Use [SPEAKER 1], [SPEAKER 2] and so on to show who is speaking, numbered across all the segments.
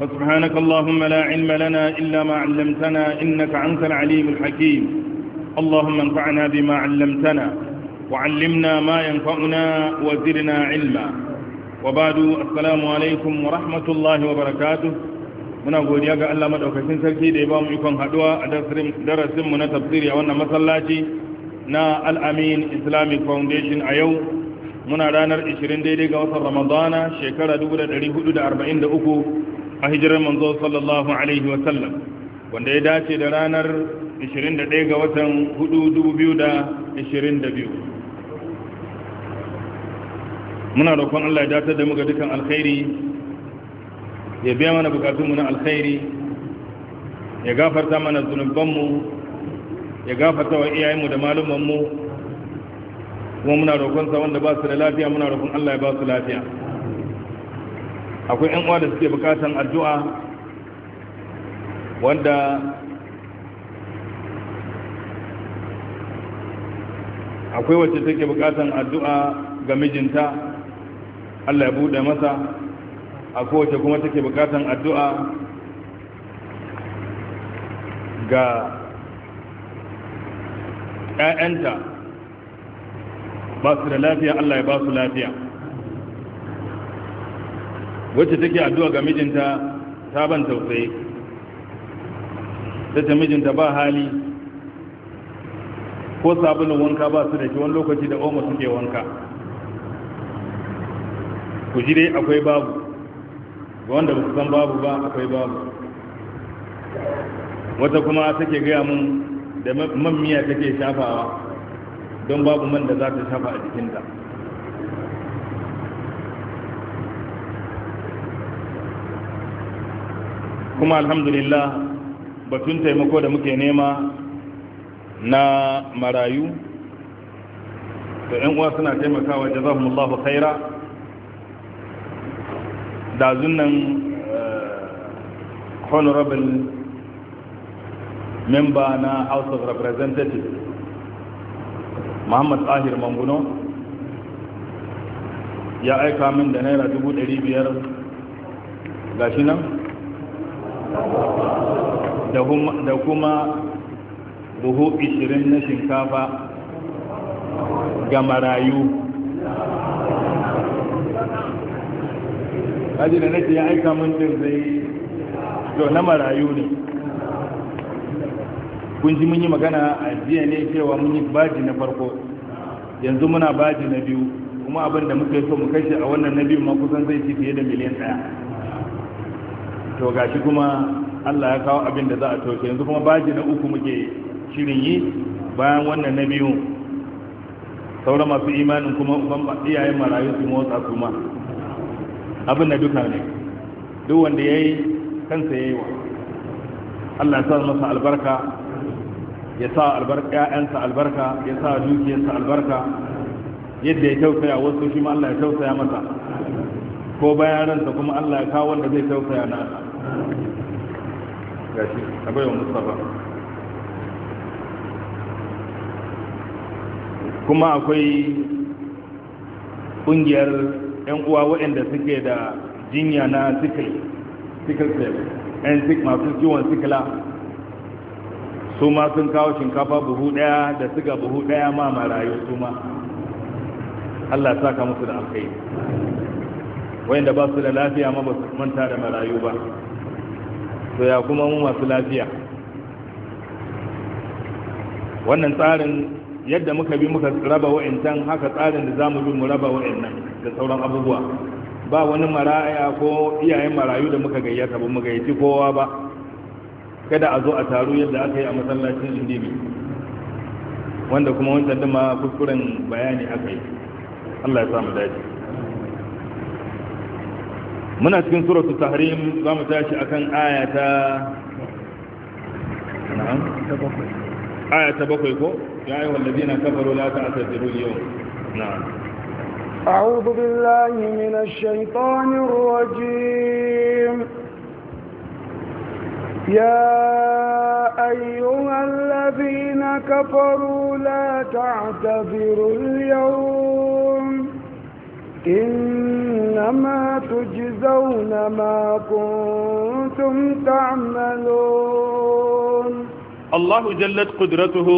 [SPEAKER 1] فسبحانك اللهم لا علم لنا إلا ما علمتنا إنك أنت العليم الحكيم اللهم انفعنا بما علمتنا وعلمنا ما ينفعنا وزرنا علما وبعد السلام عليكم ورحمة الله وبركاته muna godiya ga Allah madaukakin sarki da ya ba mu ikon haduwa a darasin mu na tafsiri a wannan masallaci na Al-Amin Islamic Foundation a yau muna ranar 20 daidai ga watan Ramadana shekara 1443 a hijirar manzo sallallahu alaihi wasallam wanda ya dace da ranar 21 ga watan 4,2022 muna roƙon Allah ya datar da muka dukan alkhairi ya biya mana bukatunmu na alkhairi ya gafarta mana zunubanmu ya gafarta wa iyayenmu da malumanmu kuma muna roƙonsa wanda ba su da lafiya muna roƙon Allah ya ba su lafiya akwai yan uwa da suke bukatan addu'a wanda akwai wacce take bukatan addu'a ga mijinta Allah ya bude masa akwai wacce kuma take bukatan addu'a ga ‘ya'yanta ba su da lafiya Allah ya ba su lafiya wacce take addu'a ga mijinta ta ban tausayi ta mijinta ba hali ko sabulun wanka ba su da shi wani lokaci da oma suke wanka ku ji dai akwai babu ga wanda ba su san babu ba akwai babu wata kuma take gaya mun da man miya take shafawa don babu man da za ta shafa a jikinta kuma alhamdulillah batun taimako da muke nema na marayu da yan uwa suna taimakawa jazahumullahu khaira da zunan eh, honorable memba na house of representatives muhammad ahir manguno ya aika min da naira dubu biyar ga shi nan da kuma buhu 20 na shinkafa ga marayu kaji da nake ya aika mun ɗin zai to na marayu ne kun ji mun yi magana a jiya ne cewa mun yi baji na farko yanzu muna baji na biyu kuma abin da muke yi so mu kashe a wannan na biyu ma kusan zai ci fiye da miliyan ɗaya to gashi kuma Allah ya kawo abin da za a toshe yanzu kuma baji na uku muke shirin yi bayan wannan na biyu sauran masu imanin kuma iyayen marayu su motsa su ma abin da duka ne duk wanda ya yi kansa ya yi wa Allah ya sa masa albarka ya sa albarka albarka ya sa dukiyarsa albarka yadda ya tausaya wasu shi ma Allah ya tausaya masa ko bayan ransa kuma Allah ya kawo wanda zai tausaya nasa gashi a mustapha kuma akwai kungiyar yan uwa waɗanda suke da jinya na sikil sikil cell yan sik masu ciwon sikila su ma sun kawo shinkafa buhu ɗaya da siga buhu ɗaya ma marayu su ma Allah ka musu da alkai wayanda ba su da lafiya ma ba su manta da marayu ba to ya kuma mu masu lafiya wannan tsarin yadda muka bi muka raba wa'intan haka tsarin da zamu bi mu raba wa'innan da sauran abubuwa ba wani maraya ko iyayen marayu da muka gayyata ba mu gayyaci kowa ba kada a zo a taru yadda aka yi a masallacin indibi wanda kuma wancan dama kuskuren bayani aka yi Allah ya samu dace muna cikin suratu tahrim za mu tashi akan ayata ayata bakwai ko ya yi wallazi na kafaru la ta asirru yau na'am
[SPEAKER 2] أعوذ بالله من الشيطان الرجيم يا أيها الذين كفروا لا تعتذروا اليوم إنما تجزون ما كنتم تعملون
[SPEAKER 1] الله جلت قدرته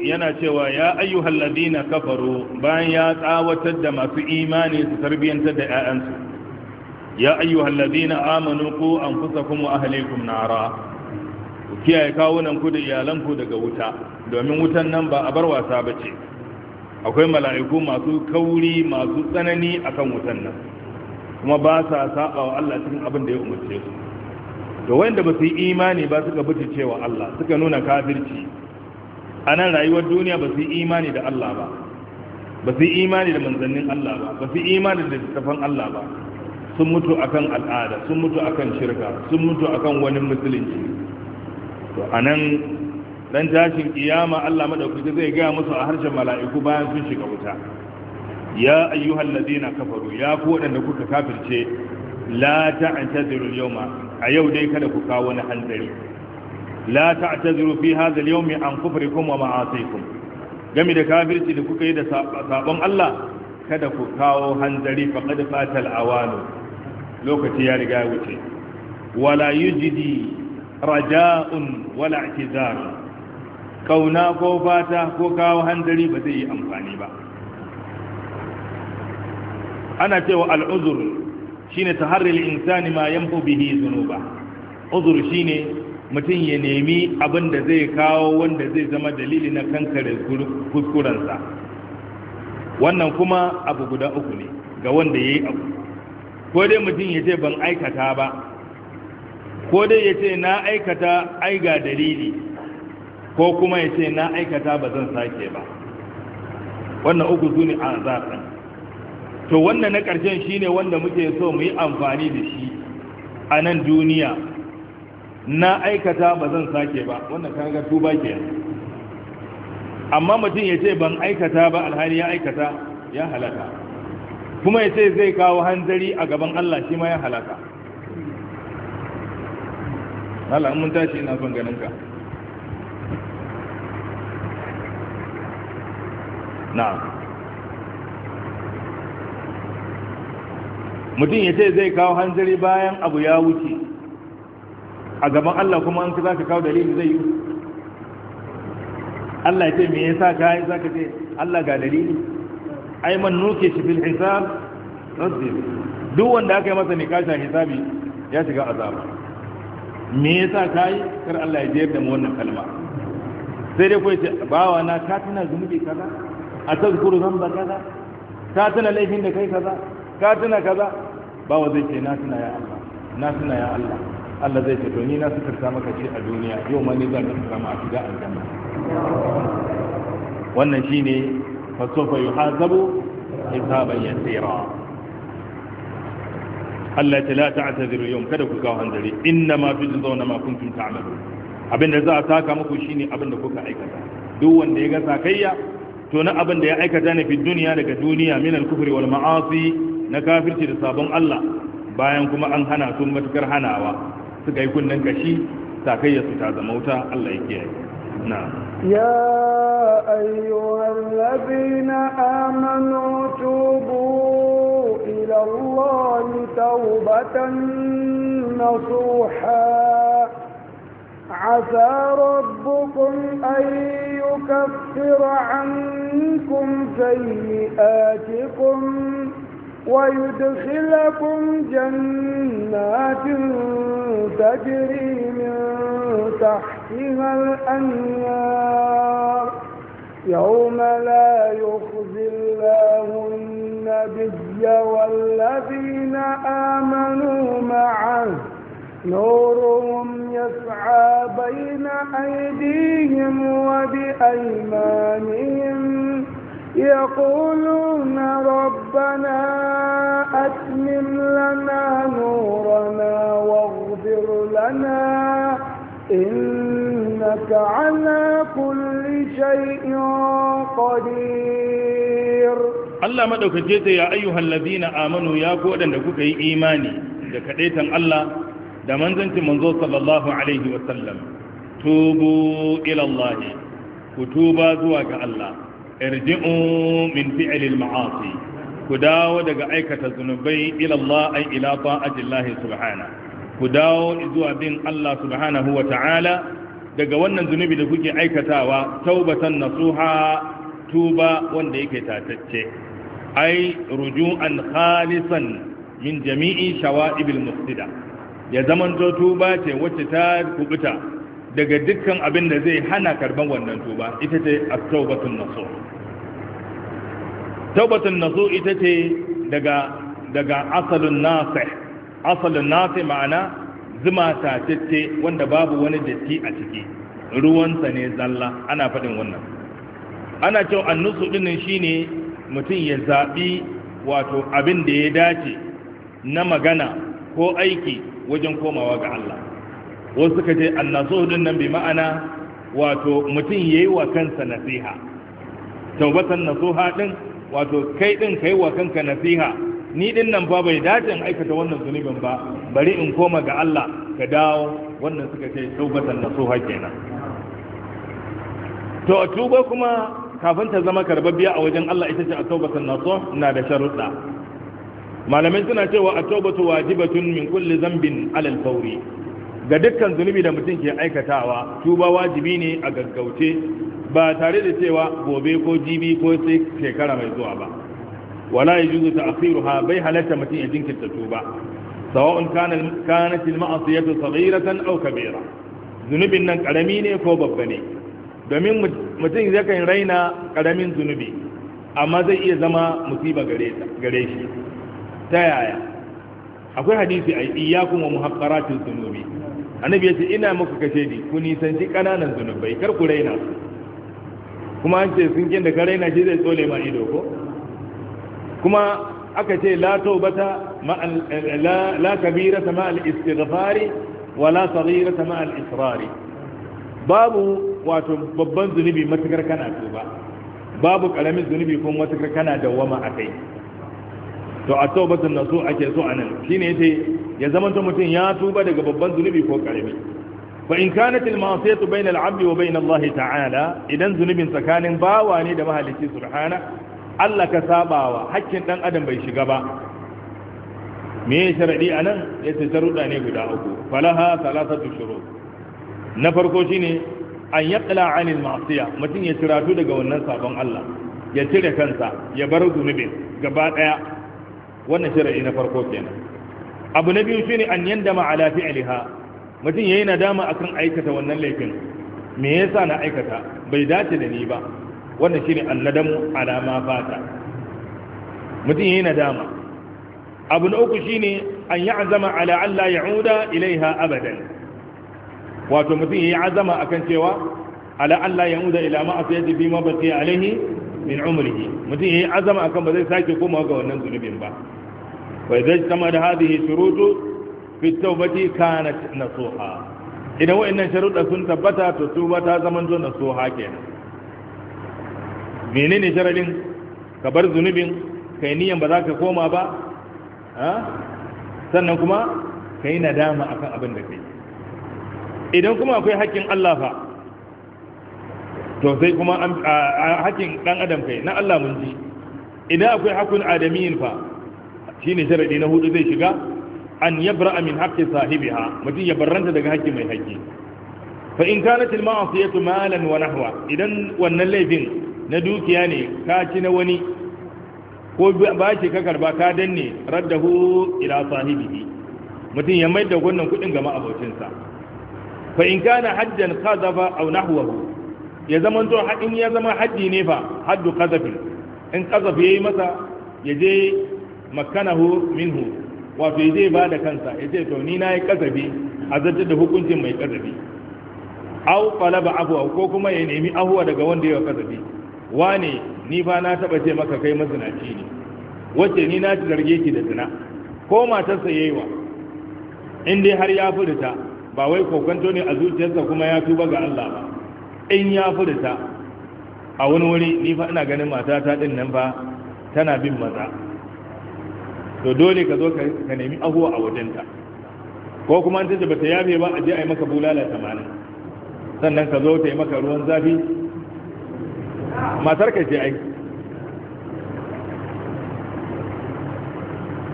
[SPEAKER 1] يناتوا يا أيها الذين كفروا بان يا تعاوة في إيماني ستربيا تدعى أنت يا أيها الذين آمنوا قو أنفسكم وأهليكم نارا kiyaye kawunanku da iyalanku daga wuta domin wutan nan ba a bar wasa ba ce akwai mala'iku masu kauri masu tsanani akan wutan nan kuma ba sa saba wa Allah cikin abin da ya umarce su to wanda ba su yi imani ba suka bace cewa Allah suka nuna kafirci a nan rayuwar duniya ba su yi imani da Allah ba ba su yi imani da manzannin Allah ba ba su yi imani da littafan Allah ba sun mutu akan al'ada sun mutu akan shirka sun mutu akan wani musulunci to a nan dan tashin kiyama Allah madaukaki zai gaya musu a harshen mala'iku bayan sun shiga wuta ya ayyuhal ladina kafaru ya ku waɗanda kuka kafirce la ta'tadiru al-yawma a yau dai kada ku kawo wani hanzari la ta'tadiru fi hadha al-yawmi an kufrikum wa ma'asikum game da kafirci da kuka yi da sabon Allah kada ku kawo hanzari faqad fatal awanu lokaci ya riga wuce wala yujidi raja'un wala i'tizar kauna ko fata ko kawo hanzari ba zai yi amfani ba ana cewa al'uzur shine taharril insani ma 'yan bihi zunuba uzur shi ne mutum ya nemi abin da zai kawo wanda zai zama dalili na kankare kuskurensa wannan kuma abu guda uku ne ga wanda ya yi abu ko dai mutum ya ce ban aikata ba ko dai ya ce na aikata ai ga dalili ko kuma ya ce na aikata ba zan sake ba wannan uku su ne a zafin to wannan na ƙarshen shi ne wanda muke so mu yi amfani da shi a nan duniya na aikata ba zan sake ba wannan kaga tuba ke amma mutum ya ce ban aikata ba alhali ya aikata ya halaka kuma ya ce zai kawo hanzari a gaban Allah shi ma ya halaka Allah mun tashi ina son ganin ka na'am mutum ya ce zai kawo hanzari bayan abu ya wuce a gaban Allah kuma an za ka kawo dalili zai yi Allah ya ce me yasa ka yi zaka ce Allah ga dalili ai man nuke shi fil hisab rasul duk wanda aka yi masa kasha hisabi ya shiga azaba me yasa kai kar Allah ya jiyar da mu wannan kalma sai dai ko yace bawa na ka tana zunubi kaza a tazkuru zamba kaza ka tana laifin da kai kaza ka tana kaza bawa zai ce na suna ya Allah na suna ya Allah Allah zai ce to ni na suka maka ce a duniya yau ma ne zan suka ma a shiga aljanna wannan shine fasofa yuhazabu hisaban yasira Allah ta la ta'tadiru yau kada ku kawo hanzari inna ma fi zauna ma kuntum ta'malu abinda za a saka muku shine abinda kuka aikata duk wanda ya ga sakayya to na abinda ya aikata ne fi duniya daga duniya min al-kufri wal ma'asi na kafirci da sabon Allah bayan kuma an hana su matukar hanawa suka yi kunnen kashi sakayya su ta zama wuta Allah ya kiyaye na
[SPEAKER 2] ya ayyuhal ladina amanu tubu ila Allah tawbatan nasuha عسى ربكم أن يكفر عنكم سيئاتكم ويدخلكم جنات تجري من تحتها الأنهار يوم لا يخزي الله النبي والذين آمنوا معه نورهم يسعى بين أيديهم وبأيمانهم يقولون ربنا أتمم لنا نورنا واغفر لنا إنك على كل شيء قدير
[SPEAKER 1] الله ما دوك جيتا يا أيها الذين آمنوا يا قودا دوك أي إيماني دكتيتا الله da manzancin manzo sallallahu alaihi wasallam tubu ila Allah ku tuba zuwa ga Allah irji'u min fi'lil ma'asi ku dawo daga aikata zunubai ila Allah ay ila ta'atillahi subhana ku dawo zuwa bin Allah subhanahu wa ta'ala daga wannan zunubi da kuke aikatawa taubatan nasuha tuba wanda yake tatacce ai ruju'an khalisan min jami'i shawa'ibil mufsida ya zamanto tuba ce wacce ta kubuta daga dukkan abin da zai hana karban wannan tuba ita ce at-taubatun nasu. taubatun nasu ita ce daga daga asalun nasi asalun nasi ma'ana zuma ta tatacce wanda babu wani datti a ciki ruwansa ne zalla ana faɗin wannan ana cewa annusu dinnan shine mutum ya zaɓi wato abin da ya dace na magana ko aiki wajen komawa ga Allah wasu suka ce annaso din nan bi ma'ana wato mutum ya yi wa kansa nasiha taubatan nasuha ɗin wato kai ɗin ka yi wa kanka nasiha ni ɗin nan ba bai dace in aikata wannan zunubin ba bari in koma ga Allah ka dawo wannan suka ce taubatan nasuha kenan to a tuba kuma kafin ta zama karbabbiya a wajen Allah ita ce a taubatan nasuha na da sharuɗa malamai suna cewa a taubatu wajibatun min kulli zambin alal fauri ga dukkan zunubi da mutum ke aikatawa tuba wajibi ne a gaggauce ba tare da cewa gobe ko jibi ko sai shekara mai zuwa ba wala asiru ha bai halatta mutum ya jinkirta tuba sawa'un kana kanat al aw kabira zunubin nan karami ne ko babba ne domin mutum zai kan raina karamin zunubi amma zai iya zama musiba gare shi ta yaya akwai hadisi a iyakun wa muhaqqaratil zunubi annabi ya ce ina muku kashe ni ku nisanci kananan zunubai kar ku raina su kuma an ce sun kin da ka raina shi zai tsole ma ido ko kuma aka ce la taubata ma la la ma al istighfari wa la saghira ma al israri babu wato babban zunubi matakar kana tuba babu karamin zunubi kuma matakar kana dawama akai to a taubatun nasu ake so a nan shine yace ya zamanta mutum ya tuba daga babban zunubi ko karami fa in kanat al ma'siyatu bayna 'abdi wa bayna Allah ta'ala idan zunubin tsakanin bawa ne da mahalicci subhana Allah ka sabawa hakkin dan adam bai shiga ba me sharadi anan yace sharuda ne guda uku falaha thalathatu shurut na farko shine an yaqla 'an ma'siya mutum ya ciratu daga wannan sabon Allah ya cire kansa ya bar zunubin gaba daya wannan shari'i na farko kenan abu na biyu shine an yandama ala fi'liha mutum yayi nadama akan aikata wannan laifin me yasa na aikata bai dace da ni ba wannan shine alladamu ala ma fata mutum yayi nadama abu na uku shine an yi ya'zama ala an la ya'uda ilaiha abadan wato mutum yayi azama akan cewa ala an la ya'uda ila ma asiyati bi ma baqiya alaihi min umrihi mutum yayi azama akan ba zai sake komawa ga wannan zunubin ba وإذا اجتمد هذه الشروط في التوبة كانت نصوحا إذا وإن شروط سن تبتا تتوبة زمن نصوحا كينا menene sharadin ka bar zunubin kai niyan ba za ka koma ba sannan kuma ka yi nadama akan abin da kai idan kuma akwai haƙƙin Allah fa to sai kuma haƙƙin ɗan adam kai na Allah mun ji idan akwai haƙƙin adamiyin fa shine sharadi na hudu zai shiga an yabra min haqqi sahibiha mutum ya barranta daga haƙƙi mai haƙƙi fa in kanat al ma'asiyatu malan wa nahwa idan wannan laifin na dukiya ne ka ci na wani ko ba shi ka karba ka danne raddahu ila sahibihi mutum ya mai da wannan kudin ga ma'abocinsa fa in kana hajjan qadafa aw nahwahu ya zaman to in ya zama haddi ne fa haddu qadafi in ya yayi masa ya je makanahu minhu wato ya zai ba da kansa ya ce to ni na yi kazabi a zartar da hukuncin mai kazabi au falaba abuwa ko kuma ya nemi Awa daga wanda ya kazabi wane ni fa na taba ce maka kai mazinaci ne wace ni na zarge ki da zina ko matarsa ya yi wa in har ya furta ba wai kokanto ne a zuciyarsa kuma ya tuba ga Allah ba in ya furta a wani wuri ni fa ina ganin matata din nan ba tana bin maza to dole ka zo ka nemi ahuwa a wajenta ko kuma an ta ba ta yabe ba a je a yi maka bulala tamanin sannan ka zo ta yi maka ruwan zafi matar ka ce ai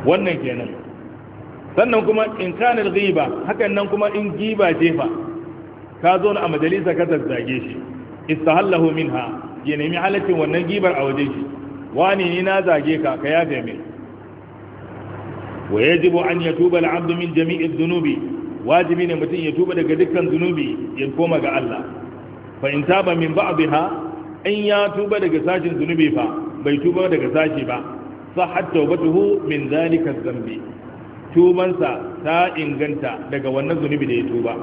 [SPEAKER 1] wannan kenan sannan kuma in kana ghiba hakan nan kuma in giba jefa ka zo a majalisa ka zazzage shi istahallahu minha ya nemi halaccin wannan gibar a waje shi wani ni na zage ka ka yafe mai wa yajibu an ya tuba abdu min zunubi? wajibi ne mutum ya tuba daga dukkan zunubi ya koma ga Allah fa in taba min ba'dha in ya tuba daga sashin zunubi fa bai tuba daga sashi ba sahat tawbatuhu min zalika dhanbi tubansa ta inganta daga wannan zunubi da ya tuba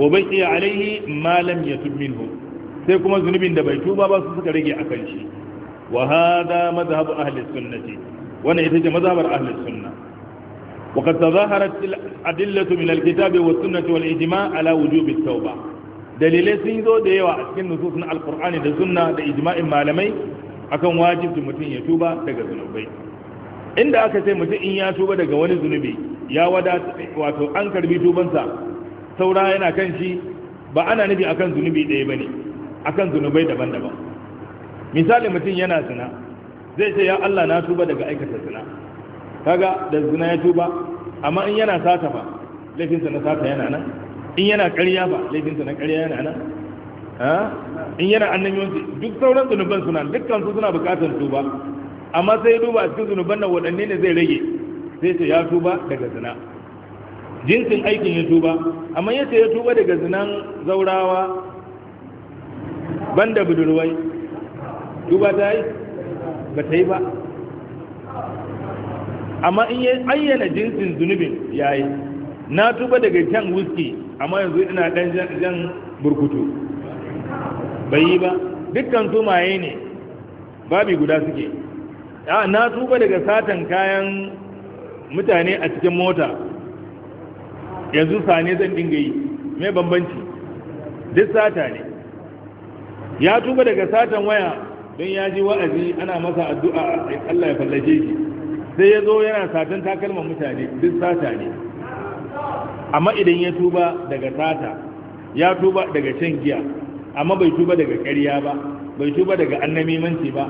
[SPEAKER 1] wa bai iya alaihi ma lam yatub minhu sai kuma zunubin da bai tuba ba su suka rage akan shi wa hada madhhabu ahli sunnati wannan ita ce mazhabar ahli sunnah وقد تظاهرت الأدلة من الكتاب والسنة والإجماع على وجوب التوبة dalilai sun zo da yawa a cikin nususun alkur'ani da sunna da ijma'in malamai akan wajibci mutum ya tuba daga zunubai inda aka ce mutum in ya tuba daga wani zunubi ya wadata wato an karbi tubansa saura yana kan shi ba ana nufi akan zunubi ɗaya ba ne akan zunubai daban-daban misali mutum yana zina zai ce ya allah na tuba daga aikata zina kaga da zina ya tuba amma in yana sata ba laifinsa na sata yana nan in yana ƙarya ba laifinsa na ƙarya yana nan in yana annabiyanci duk sauran zunuban suna dukkan su suna bukatar tuba amma sai ya duba a cikin zunuban nan waɗanne ne zai rage sai ce ya tuba daga zina jinsin aikin ya tuba amma ya ce ya tuba daga zinan zaurawa banda budurwai tuba ta yi ba ta yi ba amma in yi ayyana jinsin zunubin ya yi na tuba daga can wuski amma yanzu ina ɗan jan burkutu bai yi ba dukkan su maye ne babi guda suke ah, na tuba daga satan kayan mutane a cikin mota yanzu sane zan dinga yi mai bambanci duk sata ne ya tuba daga satan waya don ya ji wa'azi ana masa addu'a Allah ya fallace shi sai ya zo yana satan takalman mutane duk sata ne amma idan ya tuba daga sata ya tuba daga shan giya amma bai tuba daga ƙarya ba bai tuba daga annamimanci ba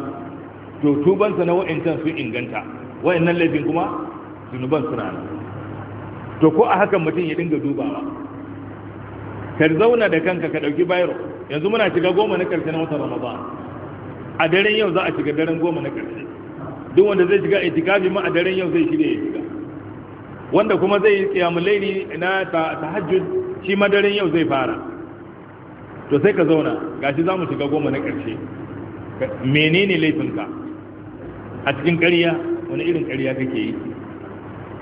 [SPEAKER 1] to tubansa na wa'incan sun inganta wa'innan laifin kuma zunuban suna nan to ko a hakan mutum ya dinga dubawa ka zauna da kanka ka ɗauki bayro yanzu muna shiga goma na ƙarshe na watan ramadan a daren yau za a shiga daren goma na ƙarshe duk wanda zai shiga itikafi ma a daren yau zai shirya shiga wanda kuma zai kiyamu laili na tahajjud shi ma daren yau zai fara to sai ka zauna gashi za mu shiga goma na ƙarshe menene ka? a cikin ƙarya wani irin ƙarya kake yi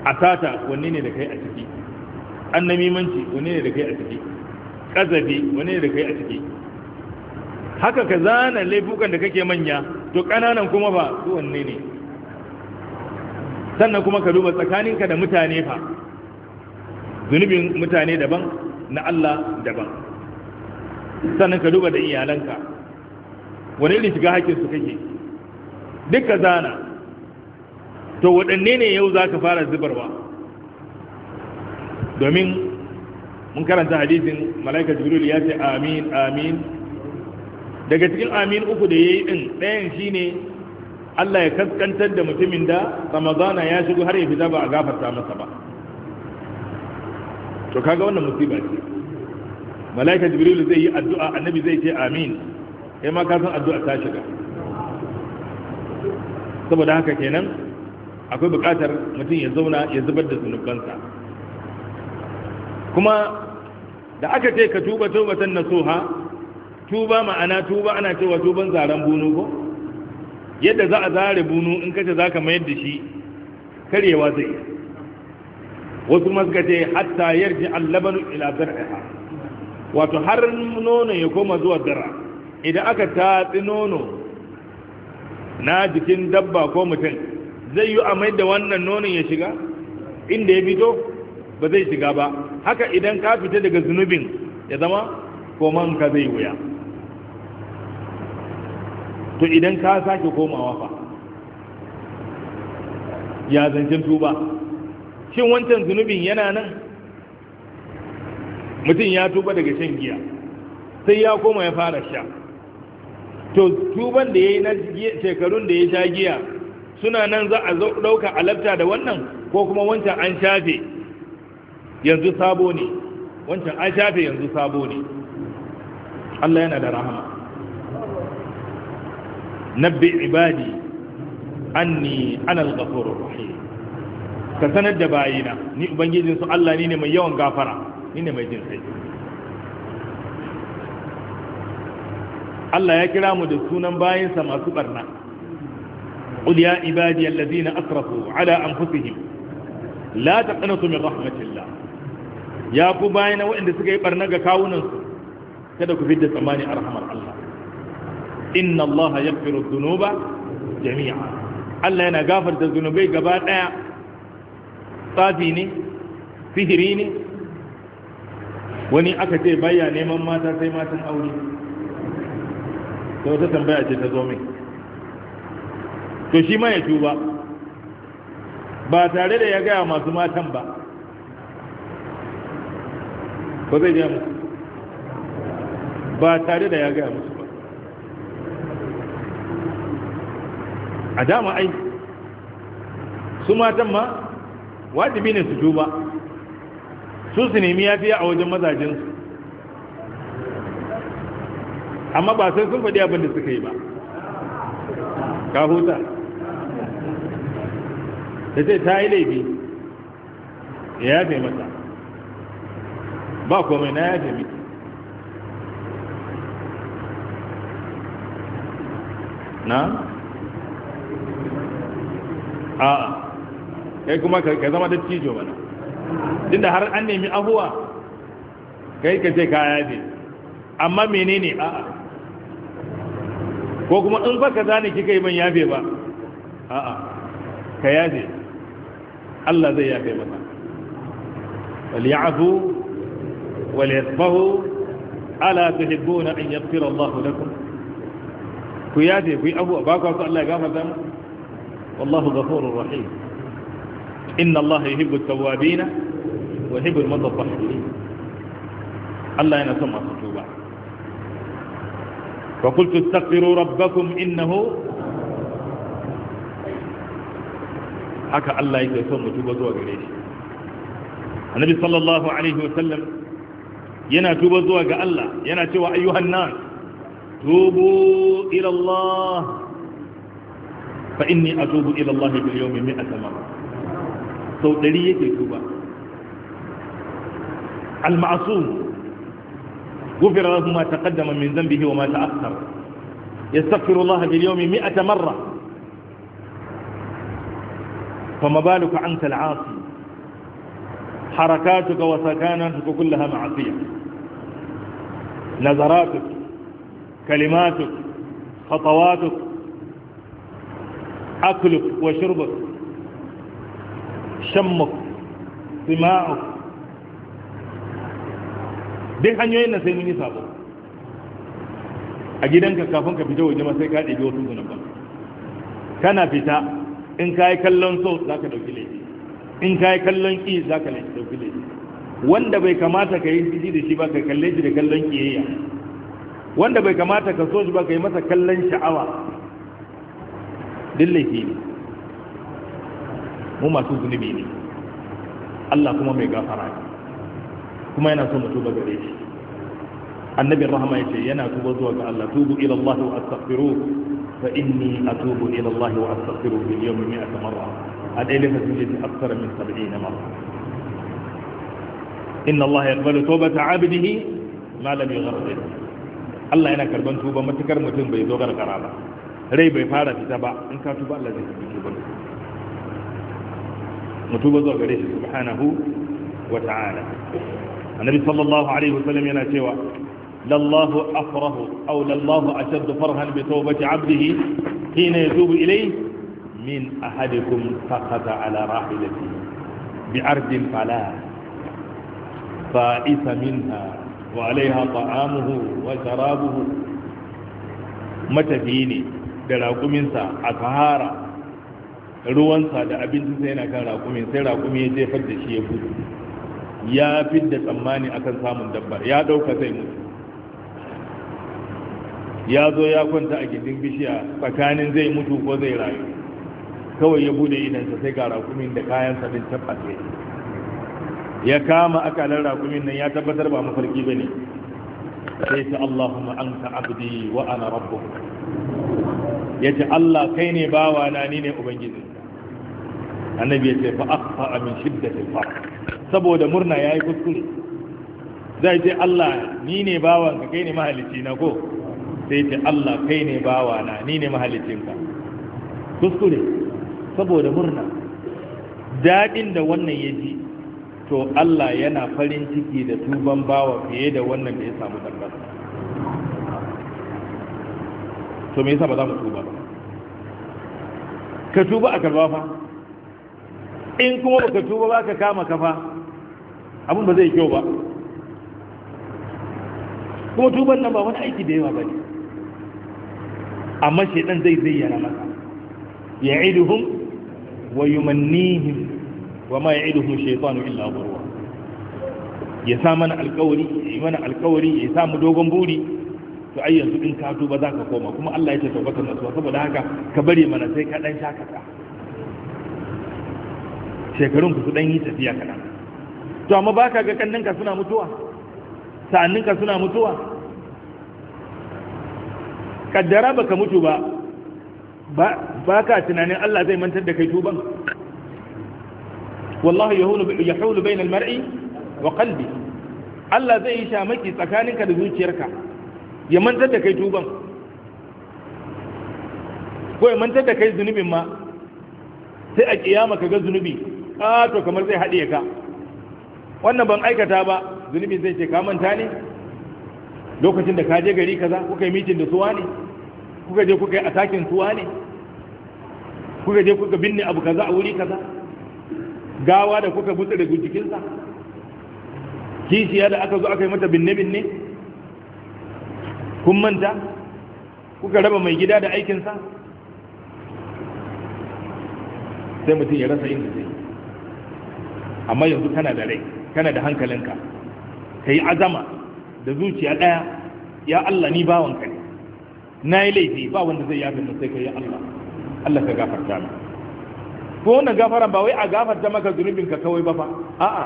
[SPEAKER 1] a sata wanne ne da kai a ciki Annami manci wanne ne da kai a ciki ƙazafi wanne ne da kai a ciki haka ka zana laifukan da kake manya to ƙananan kuma ba su wanne ne sannan kuma ka duba tsakaninka da mutane fa zunubin mutane daban na Allah daban sannan ka duba da iyalanka wani irin shiga haƙƙinsu kake duka zana to waɗanne ne yau za ka fara zubarwa domin mun karanta hadisin mala'ika jibril ya ce amin amin daga cikin amin uku da ya yi ɗin ɗayan shine Allah ya kaskantar da mutumin da ramadana ya shigo har ya fita ba a gafarta masa ba to kaga wannan musiba ce malaika jibril zai yi addu'a annabi zai ce amin kai ma ka san addu'a ta shiga saboda haka kenan akwai buƙatar mutum ya zauna ya zubar da zunubansa kuma da aka ce ka tuba tubatan soha, tuba ma'ana tuba ana cewa tuban zaren bunu ko yadda za a zare bunu in kace za ka mayar da shi karyewa zai wasu maska hatta yarji allabanu ila zar'iha wato har nono ya koma zuwa zara idan aka tatsi nono na jikin dabba ko mutum zai yi amai da wannan nonon ya shiga inda ya fito ba zai shiga ba haka idan ka fita daga zunubin ya zama koman ka zai wuya to idan ka sake komawa fa ya zancen tuba shin wancan zunubin yana nan mutum ya tuba daga shan giya sai ya koma ya fara sha to tuban da ya yi na shekarun da ya sha giya suna nan za a ɗauka alabta da wannan ko kuma wancan an shafe yanzu sabo ne wancan an shafe yanzu sabo ne Allah yana da rahama nabbi ibadi anni ana al-ghafurur rahim ka sanar da bayina ni ubangijin su Allah ni ne mai yawan gafara ni ne mai jin kai Allah ya kira mu da sunan bayinsa masu barna قل يا عبادي الذين أسرفوا على أنفسهم لا تقنطوا من رحمة waɗanda suka yi وإن ga kawunan su? kada ku fidda tsammani a rahamar Allah inna allaha yaghfiru dhunuba jami'a Allah yana gafarta zunubai gaba daya tsafi ne sihiri ne wani aka ce bayya neman mata sai matan aure ta wata tambaya ce ta zo mai to shi ma ya tuba ba tare da ya gaya masu matan ba ko zai gaya musu ba tare da ya gaya musu a dama ai su matan ma wajibi ne su duba su su nemi yafiya a wajen mazajensu amma ba sai sun faɗi abin da suka yi ba ka huta da ce ta yi laifi ya yafe mata ba komai na yafe miki na? a'a kai kuma ka zama da cijo mana tunda har an nemi abuwa kai ka ce kaya ne amma menene a'a ko kuma in ba ka zane kika yi man yafe ba a'a ka yafe Allah zai yafe maka wal ya'fu wal yasfahu ala tuhibbuna an yaghfira Allah lakum ku yafe ku yi abuwa ba ku Allah ya gafarta muku والله غفور رحيم إن الله يحب التوابين ويحب المتطهرين الله ينسمع التوبة فقلت استغفروا ربكم إنه haka Allah yake son mu zuwa gare shi Annabi sallallahu alaihi wasallam yana tuba zuwa ga Allah yana cewa ayyuhan nas tubu Allah فإني أتوب إلى الله باليوم مئة مرة mi'ata marra sau المعصوم غفر له ما تقدم من ذنبه وما تأخر يستغفر الله باليوم مئة مرة فما بالك عنك العاصي حركاتك وسكاناتك كلها معصية نظراتك كلماتك خطواتك akuluk wa shurbuk shammuk sima'uk duk hanyoyin na sai mun yi sabo a gidanka kafin ka fita waje ma sai ka ɗebi wasu zunuban kana fita in ka yi kallon so za ka ɗauki laifi in ka yi kallon ƙi za ka ɗauki laifi wanda bai kamata ka yi jiji da shi ba ka kalle shi da kallon ƙiyayya wanda bai kamata ka so shi ba ka yi masa kallon sha'awa dillahi ne mu masu zunubi ne Allah kuma mai gafara ne kuma yana so mu tuba gare shi annabin rahama ya ce yana tuba zuwa ga Allah tubu ila Allah wa astaghfiru fa inni atubu ila Allah wa astaghfiru bil yawmi mi'ata marra a dai lafa sun yi akthar min 70 marra inna Allah yaqbalu tawbata 'abdihi ma lam yughfir Allah yana karban tuba matukar mutum bai zo gargara ba rai bai fara fita ba in ka tuba Allah zai tafi tuba mu tuba zuwa gare shi subhanahu wa ta'ala annabi sallallahu alaihi wasallam yana cewa lallahu afrahu aw lallahu ashaddu farhan bi tawbati 'abdihi hina yatubu ilayhi min ahadikum faqata ala rahilatihi بعرض wa فائس منها وعليها طعامه وشرابه متفيني da raƙuminsa a sahara ruwansa da abinci sai yana kan raƙumin sai raƙumi ya jefar da shi ya gudu ya da tsammani akan samun dabba, ya ɗauka sai mutu ya zo ya kwanta a gindin bishiya tsakanin zai mutu ko zai rayu kawai ya bude idansa sai ga raƙumin da kayan sabin tabbace ya kama akalar raƙumin nan ya tabbatar ba mafarki ba ne sai ta Allahumma an ka abdi wa ana rabbuka ya ce Allah kai ne bawa na ni ne ubangiji annabi ya ce fa akha min shiddatil farh saboda murna yayi kuskure zai ce Allah ni ne bawan ka kai ne mahalicci na ko sai ce Allah kai ne bawa na ni ne mahalicin ka kuskure saboda murna dadin da wannan ya ji to Allah yana farin ciki da tuban bawa fiye da wannan da ya samu tabbata to me yasa ba za mu tuba ba ka tuba a karba fa in kuma ba ka tuba ba ka kama kafa abin ba zai kyau ba kuma tuban nan ba wani aiki da yawa ba ne amma shaidan zai zayyana maka ya iduhun wa yumannihim wa ma ya iduhun shaitanu illa ya sa mana alkawari ya yi mana alkawari ya sa mu dogon buri to ai yanzu in ka tuba za ka koma kuma Allah ya ce taubatar nasuwa saboda haka ka bari mana sai ka dan shakata shekarun ku su dan yi tafiya kana to amma baka ga kanninka suna mutuwa sa'anninka suna mutuwa kaddara baka mutu ba ba ka tunanin Allah zai mantar da kai tuban wallahi yahulu bainal mar'i wa qalbi Allah zai yi shamaki tsakaninka da zuciyarka ya mantar da kai tuban ko ya mantar da kai zunubin ma sai a kiyama ka ga zunubi to kamar zai haɗe ka wannan ban aikata ba zunubi zai ce ka manta ne lokacin da ka je gari kaza kuka yi mitin da suwa ne kuka je kuka yi atakin suwa ne kuka je kuka binne abu kaza a wuri kaza gawa da kuka butsa da jikinsa kishiya da aka zo aka yi mata binne-binne kun manta kuka raba mai gida da aikinsa sai mutum ya rasa inda zai amma yanzu kana da rai kana da hankalinka ka yi azama da zuciya ɗaya ya Allah ni bawanka ne na yi laifi ba wanda zai yafe sai ka yi Allah Allah ka gafarta mu ko wannan gafara ba wai a gafarta maka zunubin ka kawai ba fa a'a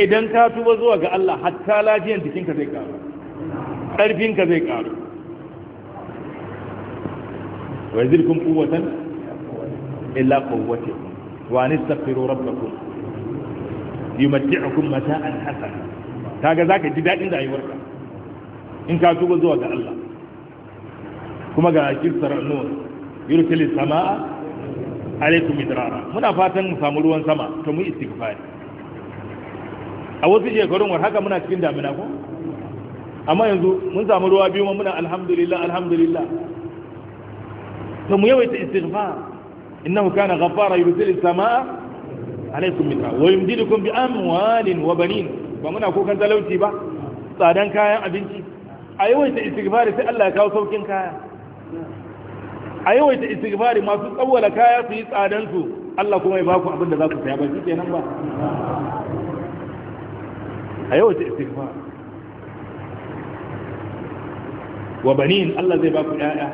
[SPEAKER 1] idan ka tuba zuwa ga Allah hatta lafiyar jikinka zai karu ƙarfinka zai ƙaru wa zirkin kuwatan illa kuwatin wa nistaghfiru an yumatti'ukum Ta ga za ka ji da rayuwarka in ka tuba zuwa ga Allah kuma ga kirsar nur yursil samaa alaikum idrara muna fatan mu samu ruwan sama to mu istighfari a wasu shekarun war haka muna cikin damina ko amma yanzu mun samu ruwa biyu ma muna alhamdulillah alhamdulillah to mu yawaita istighfar innahu kana ghaffara yursilu samaa alaykum minha wa yumdidukum bi amwalin wa banin ba muna kokan talauci ba tsadan kayan abinci a yawaita istighfar sai Allah ya kawo saukin kaya a yawaita istighfari masu tsawwala kaya su yi tsadan su Allah kuma ya ba ku abin da za ku saya ba shi kenan ba a yawaita istighfar wa banin Allah zai baku ƴaƴa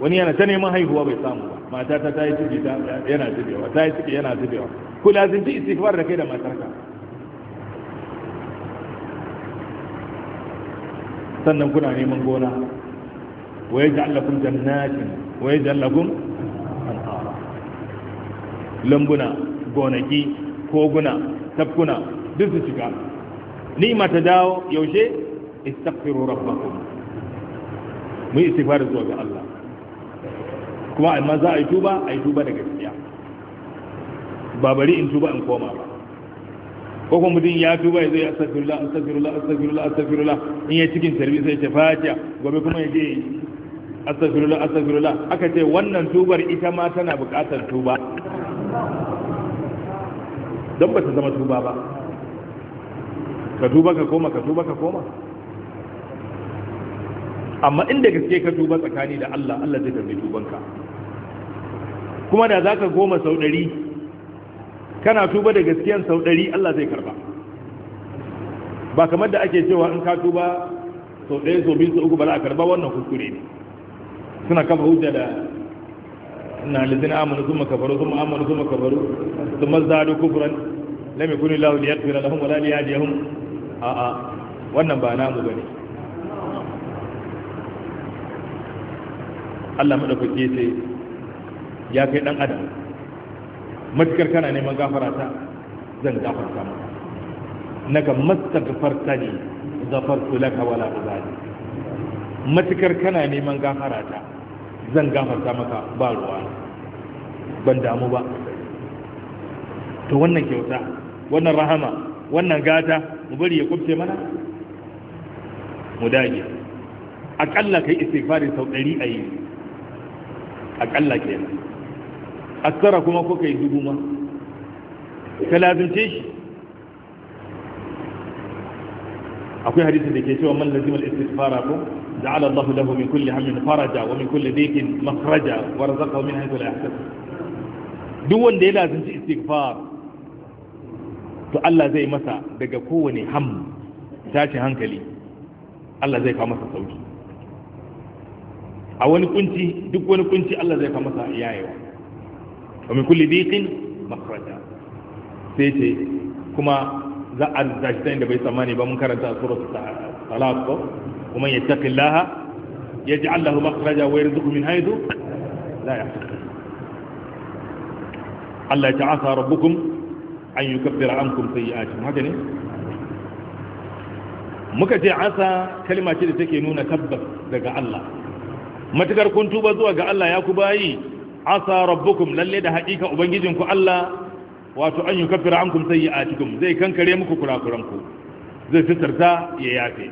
[SPEAKER 1] wani yana ta neman haihuwa bai samu ba mata ta ta yi ciki yana zubewa ta yi ciki yana zubewa ku lazimci istighfar da kai da matarka sannan kuna neman gona wa yaj'al lakum jannatin wa yaj'al lakum anhara lambuna gonaki koguna tafkuna duk su shiga ni ma ta dawo yaushe istaghfiru rabbakum mu yi istighfar zuwa ga Allah kuma amma za a yi tuba a yi tuba da gaskiya ba bari in tuba in koma ba ko kuma mutum ya tuba ya zai astaghfirullah astaghfirullah astaghfirullah astaghfirullah in ya cikin sarbi sai ta fatiya gobe kuma ya je astaghfirullah astaghfirullah aka ce wannan tubar ita ma tana buƙatar tuba don ba ta zama tuba ba ka tuba ka koma ka tuba ka koma amma inda gaske ka tuba tsakani da Allah Allah zai karbi tubanka kuma da zaka goma sau ɗari kana tuba da gaskiyan sau ɗari Allah zai karba ba kamar da ake cewa in ka tuba sau ɗaya sau biyu sau uku ba za a karba wannan kuskure ne suna kafa hujja da na lizin amanu sun makafaru sun ma'amanu sun makafaru sun mazdado kufuran lam yakuni da liyakfira lahum wala liyadiyahum a'a wannan ba namu ne. Allah madaukake ce ya kai dan adam matukar kana neman gafara ta zan gafarta maka naka mastaghfarta ni zafartu laka wala uzali matukar kana neman gafara ta zan gafarta maka ba ruwa ban damu ba to wannan kyauta wannan rahama wannan gata mu bari ya kubce mana mu dage akalla kai istighfari sau 100 a yi akalla kenan aksara kuma ko kai dubu ma ka lazimce shi akwai hadisi da ke cewa man lazimal istighfara ko جعل الله له من كل هم min ومن كل ضيق مخرجا ورزقه min حيث لا يحتسب duk wanda ya lazimci istighfar to Allah zai masa daga kowane ham tashin hankali Allah zai kawo masa sauki a wani kunci duk wani kunci Allah zai kama sa yayewa wa min kulli dhiqin makhraja sai ce kuma za a zashi ta inda bai tsammani ba mun karanta a suratul talaq ko kuma yattaqillaha yaj'al lahu makhraja wa yarzuqhu min haythu la yahtasib Allah ya ta'asa rabbukum an yukaffira ankum sayyi'atikum haka ne muka ce asa kalma ce da take nuna tabbas daga Allah matukar kun tuba zuwa ga Allah ya ku bayi asa rabbukum lalle da ubangijin ubangijinku Allah wato an yukaffira ankum sayyi'atikum zai kankare muku ku zai fitarta ya yafe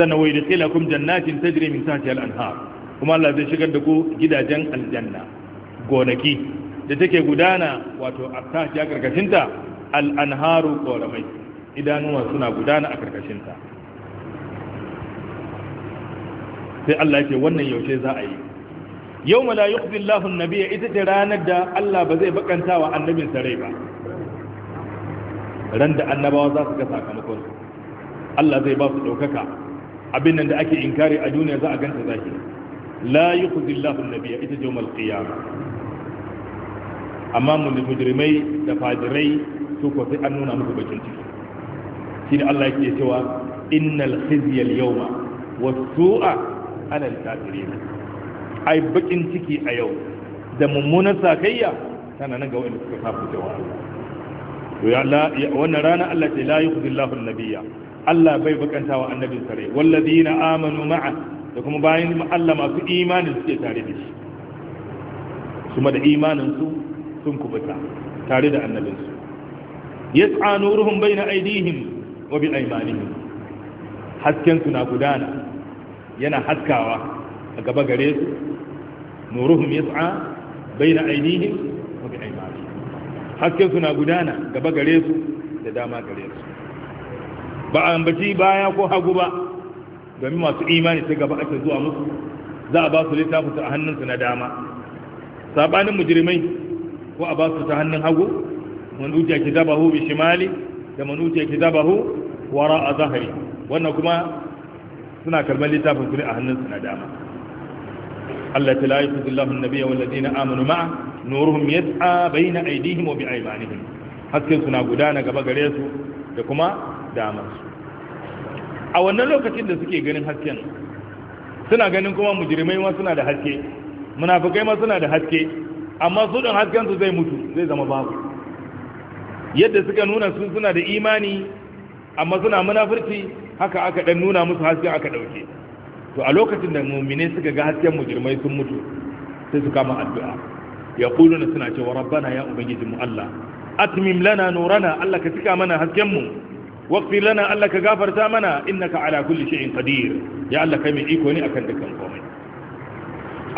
[SPEAKER 1] sannan wai yudkhilukum jannatin tajri min tahtiha al-anhar kuma Allah zai shigar da ku gidajen aljanna gonaki da take gudana wato a tahtiya karkashinta al-anharu qoramai idanuwa suna gudana a karkashinta sai Allah yake wannan yaushe za a yi yau ma la yukhzi Allahu an ita ce ranar da Allah ba zai bakanta wa annabin sa rai ba ran da annabawa za su ga sakamakon su Allah zai ba su ɗaukaka abin nan da ake inkari a duniya za a ganta zaki la yukhzi Allahu an-nabiyya ita ce yawmal qiyamah amma mujrimai da fajirai su ko sai an nuna musu bakin ciki shine Allah yake cewa innal khizya al-yawma was-su'a alal kafirin ai bakin ciki a yau da mummunan sakayya tana nan ga wanda suka kafu da wa wannan rana Allah ce la yukhzillahu an-nabiyya Allah bai bakanta wa annabin sare wallazina amanu ma'a da kuma bayan Allah masu imanin suke tare da shi kuma da imanin su sun kubuta tare da annabin su yas'a nuruhum bayna aydihim wa bi aymanihim hasken su na gudana yana haskawa a gaba gare su nuruhum yas'a baina aydihim wa bi aymanihim hasken su na gudana gaba gare su da dama gare su ba a bati baya ko hagu ba domin masu imani ta gaba ake zuwa musu za a ba su littafin su a su na dama sabanin mujrimai ko a ba su ta hannun hagu man utiya kitabahu bi shimali da man utiya kitabahu wara a zahari wannan kuma suna karban littafin su a hannunsu na dama Allah ta layi su zullahu nabiya wallazi na amanu ma nuruhum yad'a baina aydihim wa bi'aymanihim hasken suna gudana gaba gare su da kuma damar su a wannan lokacin da suke ganin hasken suna ganin kuma mujrimai ma suna da haske munafikai ma suna da haske amma su din hasken su zai mutu zai zama babu yadda suka nuna su suna da imani amma suna munafurci haka aka dan nuna musu hasken aka dauke to a lokacin da mu'mine suka ga hasken mujrimai sun mutu sai su kama addu'a yaquluna suna cewa rabbana ya ubangiji mu Allah atmim lana nurana Allah ka cika mana hasken mu waqfir lana Allah ka gafarta mana innaka ala kulli shay'in qadir ya Allah kai mai iko ne akan dukkan komai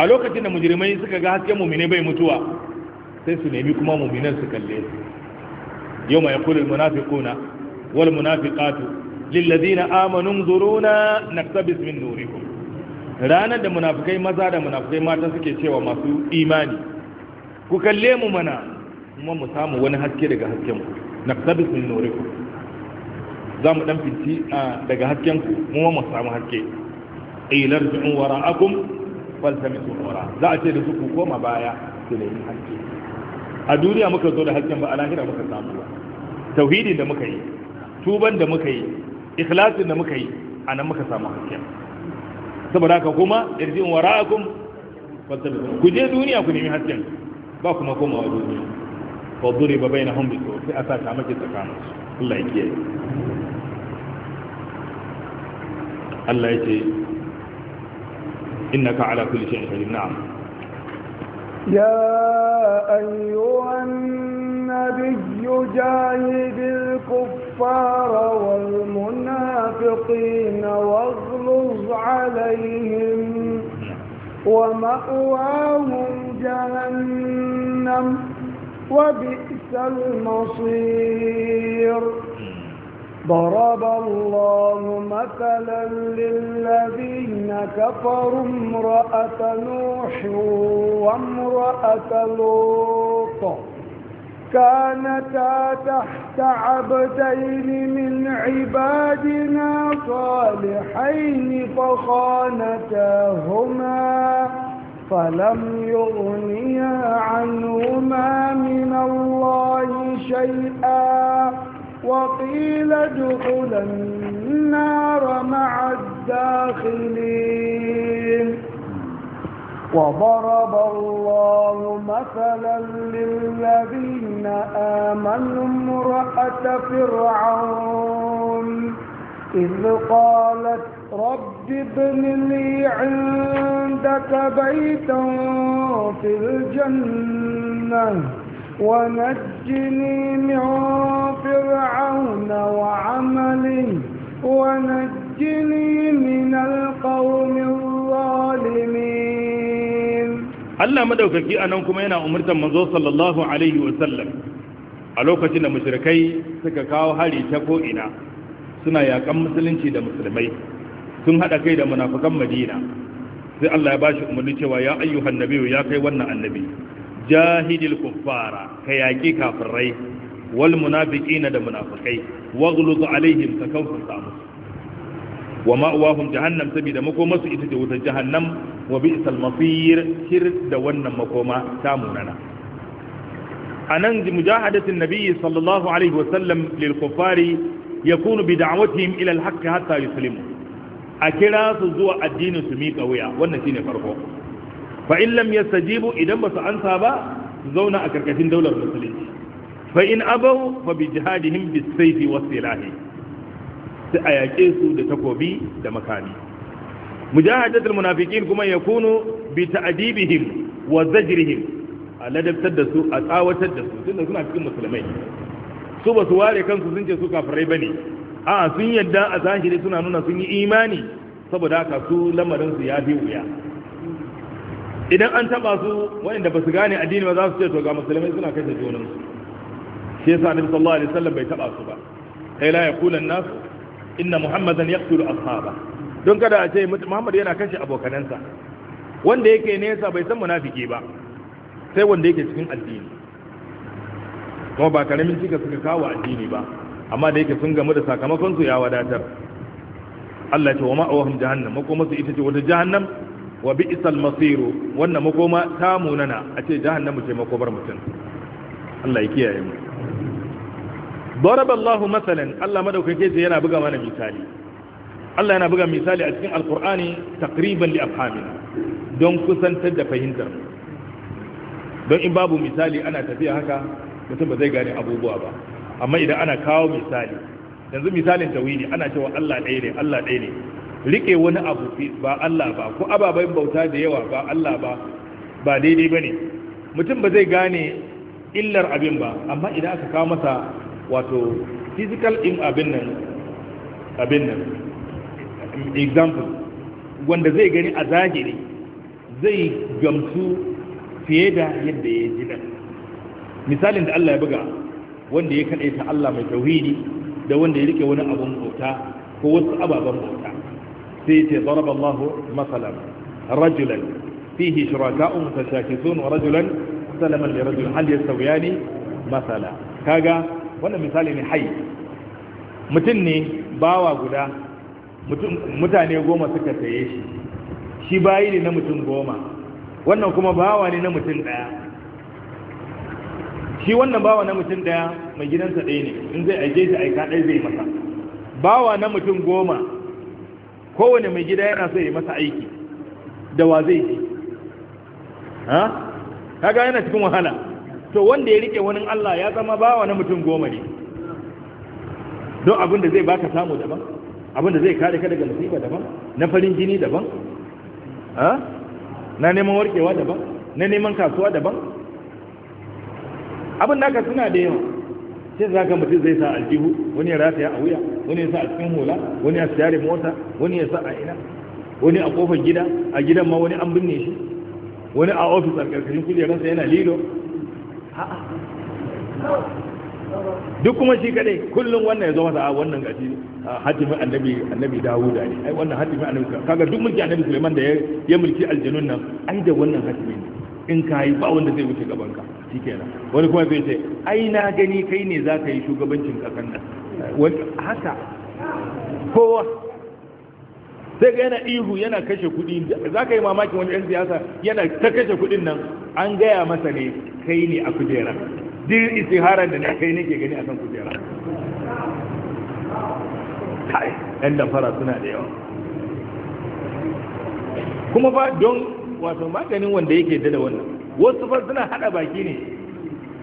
[SPEAKER 1] a lokacin da mujrimai suka ga hasken mu'mine bai mutuwa sai su nemi kuma mu'minan su kalle su yawma yaqulu al munafiquna wal munafiqatu lillazina amanu zuruna naktabis min nurikum ranar da munafikai maza da munafikai mata suke cewa masu imani ku kalle mu mana kuma mu samu wani haske daga hasken ku naktabis min nurikum za mu dan finci daga hasken ku kuma mu samu haske ilar ji'un wara'akum falsamitu wara za a ce da su ku koma baya su nemi haske a duniya muka zo da hasken ba a lahira muka samu ba tauhidin da muka yi tuban da muka yi ikhlasin da muka yi a nan muka samu haske saboda haka kuma irjin wara'akum fattabiqu ku je duniya ku nemi hasken ba kuma komawa duniya fa duriba bainahum bi sur sai asa ta maki tsakanin su Allah ya kiyaye Allah ya ce innaka ala kulli shay'in qadir na'am
[SPEAKER 2] ya ayyuhan النبي جاهد الكفار والمنافقين واغلظ عليهم ومأواهم جهنم وبئس المصير ضرب الله مثلا للذين كفروا امرأة نوح وامرأة لوط كانتا تحت عبدين من عبادنا صالحين فخانتاهما فلم يغنيا عنهما من الله شيئا وقيل ادخلا النار مع الداخلين وضرب الله مثلا للذين آمنوا امرأة فرعون إذ قالت رب ابن لي عندك بيتا في الجنة ونجني من فرعون وعملي ونجني من القوم الظالمين
[SPEAKER 1] Allah madaukaki anan kuma yana umurtan manzo sallallahu alaihi a lokacin da mushrikai suka kawo hari ta ko'ina, suna yakan musulunci da musulmai sun haɗa kai da munafukan Madina sai Allah ya bashi umarni cewa ya ayyuhan nabiyyu ya kai wannan annabi jahidil kuffara ka yaki kafirai wal munafiqina da munafukai waghluz alaihim takawfa musu wa ma'uwahum jahannam saboda makoma su ita ce wutar jahannam wa bi'sal masir shir da wannan makoma ta munana anan mujahadatin nabiyyi sallallahu alaihi wa sallam lil kuffari yakunu bi da'watihim ila al-haqq hatta yuslimu a kira su zuwa addinin su miƙa wuya wannan shine farko fa in lam yastajibu idan ba su ansa ba zauna a karkashin daular musulunci fa in abaw fa bi jihadihim bis sayfi was silahi sai a yaƙe su da takobi da makami mujahadatul munafiqin kuma yakunu bi ta'dibihim wa zajrihim a ladabtar da su a tsawatar da su tunda suna cikin musulmai su ba su ware kansu sun ce su kafirai bane a sun yadda a zahiri suna nuna sun yi imani saboda haka su lamarin su ya bi wuya idan an taba su waɗanda ba su gane addini ba za su ce to ga musulmai suna kashe junansu shi yasa annabi sallallahu alaihi wasallam bai taba su ba kai la yaqulan nasu inna muhammadan yaqtulu ashaba don kada a ce Muhammadu yana kashe abokanansa wanda yake nesa bai san munafiki ba sai wanda yake cikin addini kuma ba karamin cika suka kawo addini ba amma da yake sun gamu da sakamakon su ya wadatar Allah ce wa ma'awahum jahannan makoma su ita ce wata jahannan wa bi'sal masiru wannan makoma ta munana a ce mu ce makobar mutum Allah ya kiyaye mu daraba Allahu masalan Allah madaukake ce yana buga mana misali Allah yana buga misali a cikin alkur'ani takriban li afhamina don kusantar da fahimtar don in babu misali ana tafiya haka mutum ba zai gane abubuwa ba amma idan ana kawo misali yanzu misalin tawili ana cewa Allah ɗaya ne Allah ɗaya ne rike wani abu ba Allah ba ko ababen bauta da yawa ba Allah ba ba daidai bane mutum ba zai gane illar abin ba amma idan aka kawo masa wato physical in abin nan abin nan example wanda zai gani a zahiri zai gamsu fiye da yadda ya ji nan misalin da Allah ya buga wanda ya ta Allah mai tauhidi da wanda ya rike wani abun bauta ko wasu ababen bauta sai ya ce zaraba Allah masalan rajulan fihi shuraka'un mutashakithun wa rajulan salaman li rajul hal yastawiyani masala kaga wannan misali ne hai mutum ne bawa guda mutane goma suka saye shi shi bayi ne na mutum goma wannan kuma bawa ne na mutum daya shi wannan bawa na mutum daya mai gidansa ɗaya ne in zai aje shi aika ɗaya zai masa bawa na mutum goma kowane mai gida yana so yi masa aiki da wa zai ji ha kaga yana cikin wahala to wanda ya rike wani Allah ya zama bawa na mutum goma ne don abin da zai baka samu daban abin da zai kare ka daga musiba daban na farin jini daban na neman warkewa daban na neman kasuwa daban abin da aka suna da yawa sai za ka mutum zai sa aljihu wani ya rataya a wuya wani ya sa a cikin hula wani ya siyare mota wani ya sa a ina wani a kofar gida a gidan ma wani an binne shi wani a ofis a ƙarƙashin kujerarsa yana lilo duk kuma shi kadai kullum wannan ya zo masa a wannan gashi hatimin annabi annabi dawuda ne ai wannan hatimin annabi kaga duk mulki annabi suleiman da ya mulki aljanun nan ai da wannan hatimin in ka yi ba wanda zai wuce gaban ka shikenan wani kuma zai ce ai na gani kai ne za ka yi shugabancin kasan nan haka kowa sai ga yana ihu yana kashe kudi za ka yi mamakin wani 'yan siyasa yana ta kashe kudin nan an gaya masa ne kai ne a kujera isi istiharar da na kai nake gani a kan kujera kai da damfara suna da yawa kuma ba don wato maganin wanda yake da wannan wasu fa suna haɗa baki ne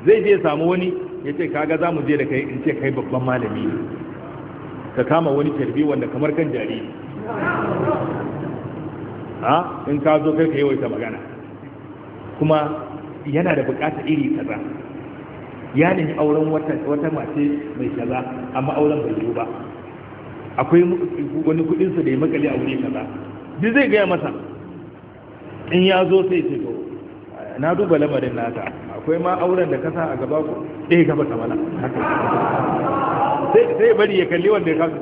[SPEAKER 1] zai je samu wani ya ce kaga za mu je da kai in ce kai babban malami ka kama wani tarbi wanda kamar kan jariri ha in ka zo kai ka yi wata magana kuma yana da bukata iri kaza ya nemi auren wata mace mai kaza amma auren bai yiwu ba akwai wani su da ya makale a wuri kaza duk zai gaya masa in ya zo sai ce to na duba lamarin nata akwai ma auren da kasa a gaba ku ɗaya eh, gaba ta mana sai bari ya kalli wanda ya kasu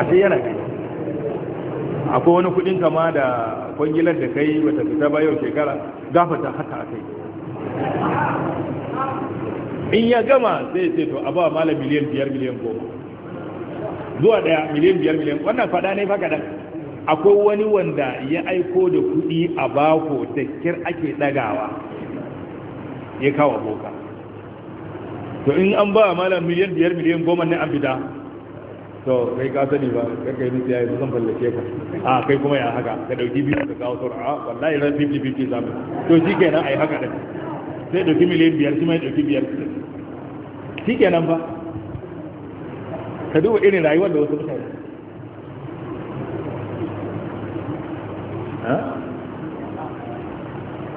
[SPEAKER 1] ashe yana kai akwai wani kudin kama da kwangilar da kai wata fita ba yau shekara gafata haka a kai in ya gama sai ce to abuwa mala miliyan biyar miliyan goma zuwa daya miliyan biyar miliyan wannan fada ne fa kaɗan. akwai wani wanda ya aiko da kudi a bako da kir ake dagawa ya kawo boka to in an ba mala miliyan biyar miliyan goma ne an fita to kai ka sani ba kai kai nufi yayi zan fallake ka a kai kuma ya haka ka dauki biyu ka kawo sura wallahi ran 50 50 zamu to kenan ai haka din sai dauki miliyan biyar shi mai dauki biyar kenan ba ka duba irin rayuwar da wasu mutane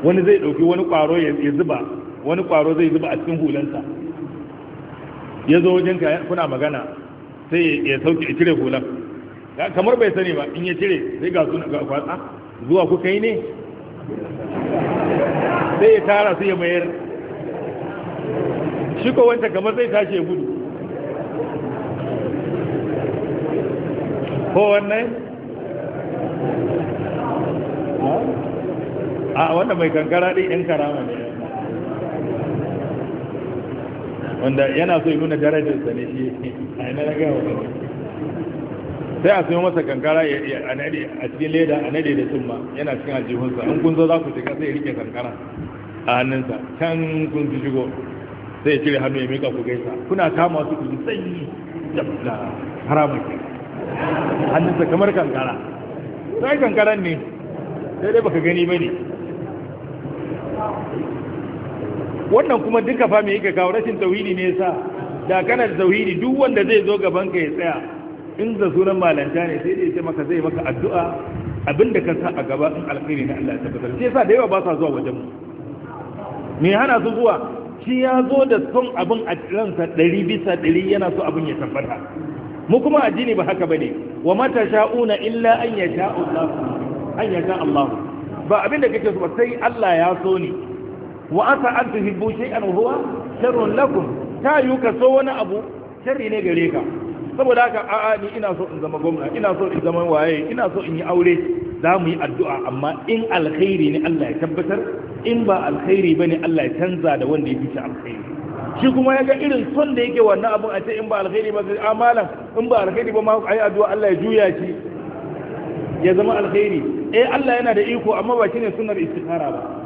[SPEAKER 1] wani zai dauki wani kwaro ya zuba wani kwaro zai zuba a cikin hulansa ya zo wajen kuna magana sai ya sauke ya cire hulan kamar bai sani ba in ya cire sai ga suna ga kwatsa zuwa kuka yi ne sai ya tara sai ya mayar shi ko wanta kamar zai tashi ya gudu ko wannan a wannan mai kankara ɗin yan karama ne wanda yana so yi nuna sa ne shi a yana na gawa sai a sami masa kankara a cikin leda a nade da tumma yana cikin aljihunsa in kun zo za ku shiga sai ya rike kankara a hannunsa can kun su shigo sai ya cire hannu ya mika ku gaisa kuna kama su ku sanyi da haramun ke hannunsa kamar kankara sai kankaran ne sai dai baka gani ba ne wannan kuma duka fa me yake kawo rashin tauhidi ne yasa da kana da tauhidi duk wanda zai zo gaban ka ya tsaya in da sunan malanta ne sai dai ya ce maka zai maka addu'a abinda ka sa a gaba in alkhairi na Allah ya tabbatar sai yasa da yawa ba sa zuwa wajen me hana su zuwa shi ya zo da son abin a ransa ɗari bisa ɗari yana so abin ya tabbata mu kuma addini ba haka bane wa mata sha'una illa an yasha Allah an yasha Allah ba abin da kake so ba sai Allah ya so ni wa asa an shi an ruwa sharrun lakum ta yi ka so wani abu sharri ne gare ka saboda haka a'a ni ina so in zama gwamna ina so in zama waye ina so in yi aure za mu yi addu'a amma in alkhairi ne Allah ya tabbatar in ba alkhairi bane Allah ya canza da wanda ya fice alkhairi shi kuma ya ga irin son da yake wannan abin a ce in ba alkhairi ba sai amalan ah, in ba alkhairi ba ma ayi addu'a Allah ya juya shi ya zama alkhairi eh Allah yana da iko amma ba shine sunnar istikhara ba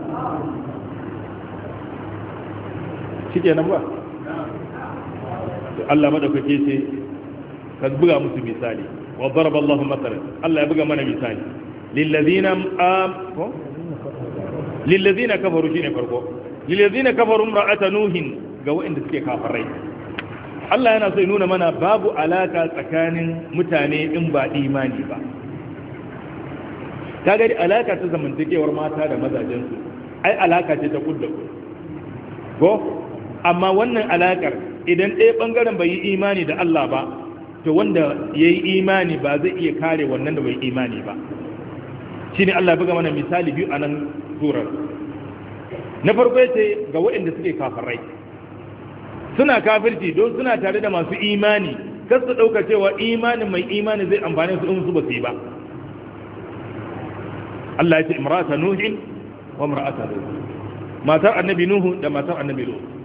[SPEAKER 1] shi nan ba Allah madaukake ce ka buga musu misali wa daraba Allahu masalan Allah ya buga mana misali lillazina am lillazina kafaru ne farko lillazina kafaru imra'ata nuhin ga waɗanda suke kafarai Allah yana so ya nuna mana babu alaka tsakanin mutane in ba imani ba ta gari alaka ta zamantakewar mata da mazajensu ai alaka ce ta kudda ko amma wannan alakar idan ɗaya ɓangaren bai yi imani da Allah ba to wanda ya yi imani ba zai iya kare wannan da bai imani ba shi ne Allah buga mana misali biyu a nan turar na farko yace ga waɗanda suke kafirai suna kafirci don suna tare da masu imani kar su ɗauka cewa imanin mai imani zai amfani su in su ba su yi ba Allah ya ce imrata nuhin wa imra'ata lut matar annabi nuhu da matar annabi lut